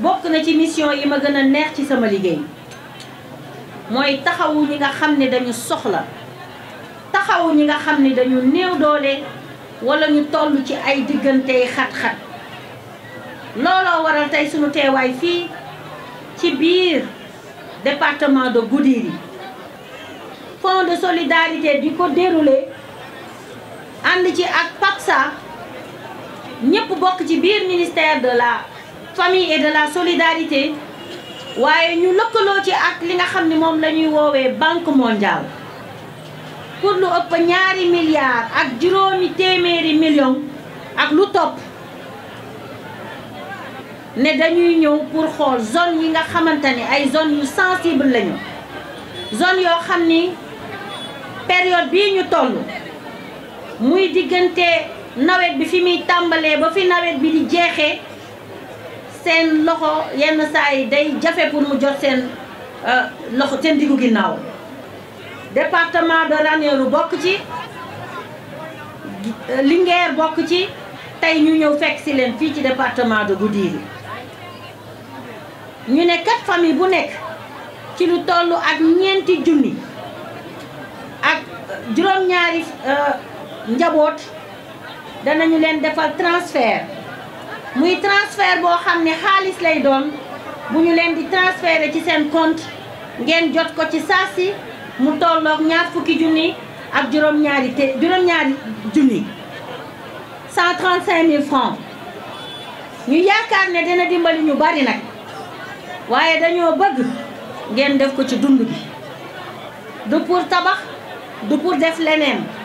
bokk na ci mission yi ma gën a neex ci sama liggéey mooy taxawu ñi nga xam ne dañu soxla taxawu ñi nga xam ne dañu néew doole walla ñu toll ci ay diggante xat-xat looloo waral tey suñu teewaay fii ci biir département de Goudiri fonds de solidarité bi ko déroulé ànd ci ak PAPSA ñëpp bokk ci biir ministère de la famille et de la solidarité waaye ñu lëkkaloo ci ak li nga xam ni moom lañuy ñuy bank banque mondiale pour lu ëpp ñaari milliards ak juróomi téeméeri millions ak lu topp ne dañuy ñëw pour xool zone yi nga xamante ni ay zone yu sensible lañu zone yoo xam ni période bii ñu toll muy diggante nawet bi fi muy tàmbalee ba fi nawet bi di jeexee seen loxo yenn saa yi day jafe pour mu jot seen euh, loxo seen diggu ginnaaw departement de Ranérou bokk ci Linguère bokk ci tey ñu ñëw fekk si leen fii ci département de Goudiri ñu ne kat famille bu nekk ci lu toll ak ñeenti junni ak juróom-ñaari euh, njaboot danañu leen defal transfert muy transfert boo xam ne xaalis lay doon bu ñu leen di transféré ci seen compte ngeen jot ko ci saasi mu tolloog ñaar fukki junni ak juróom-ñaari te juróom-ñaari junni ñu yaakaar ne dina dimbali ñu bari nag waaye dañoo bëgg ngeen def ko ci dund bi du pour tabax du pour def leneen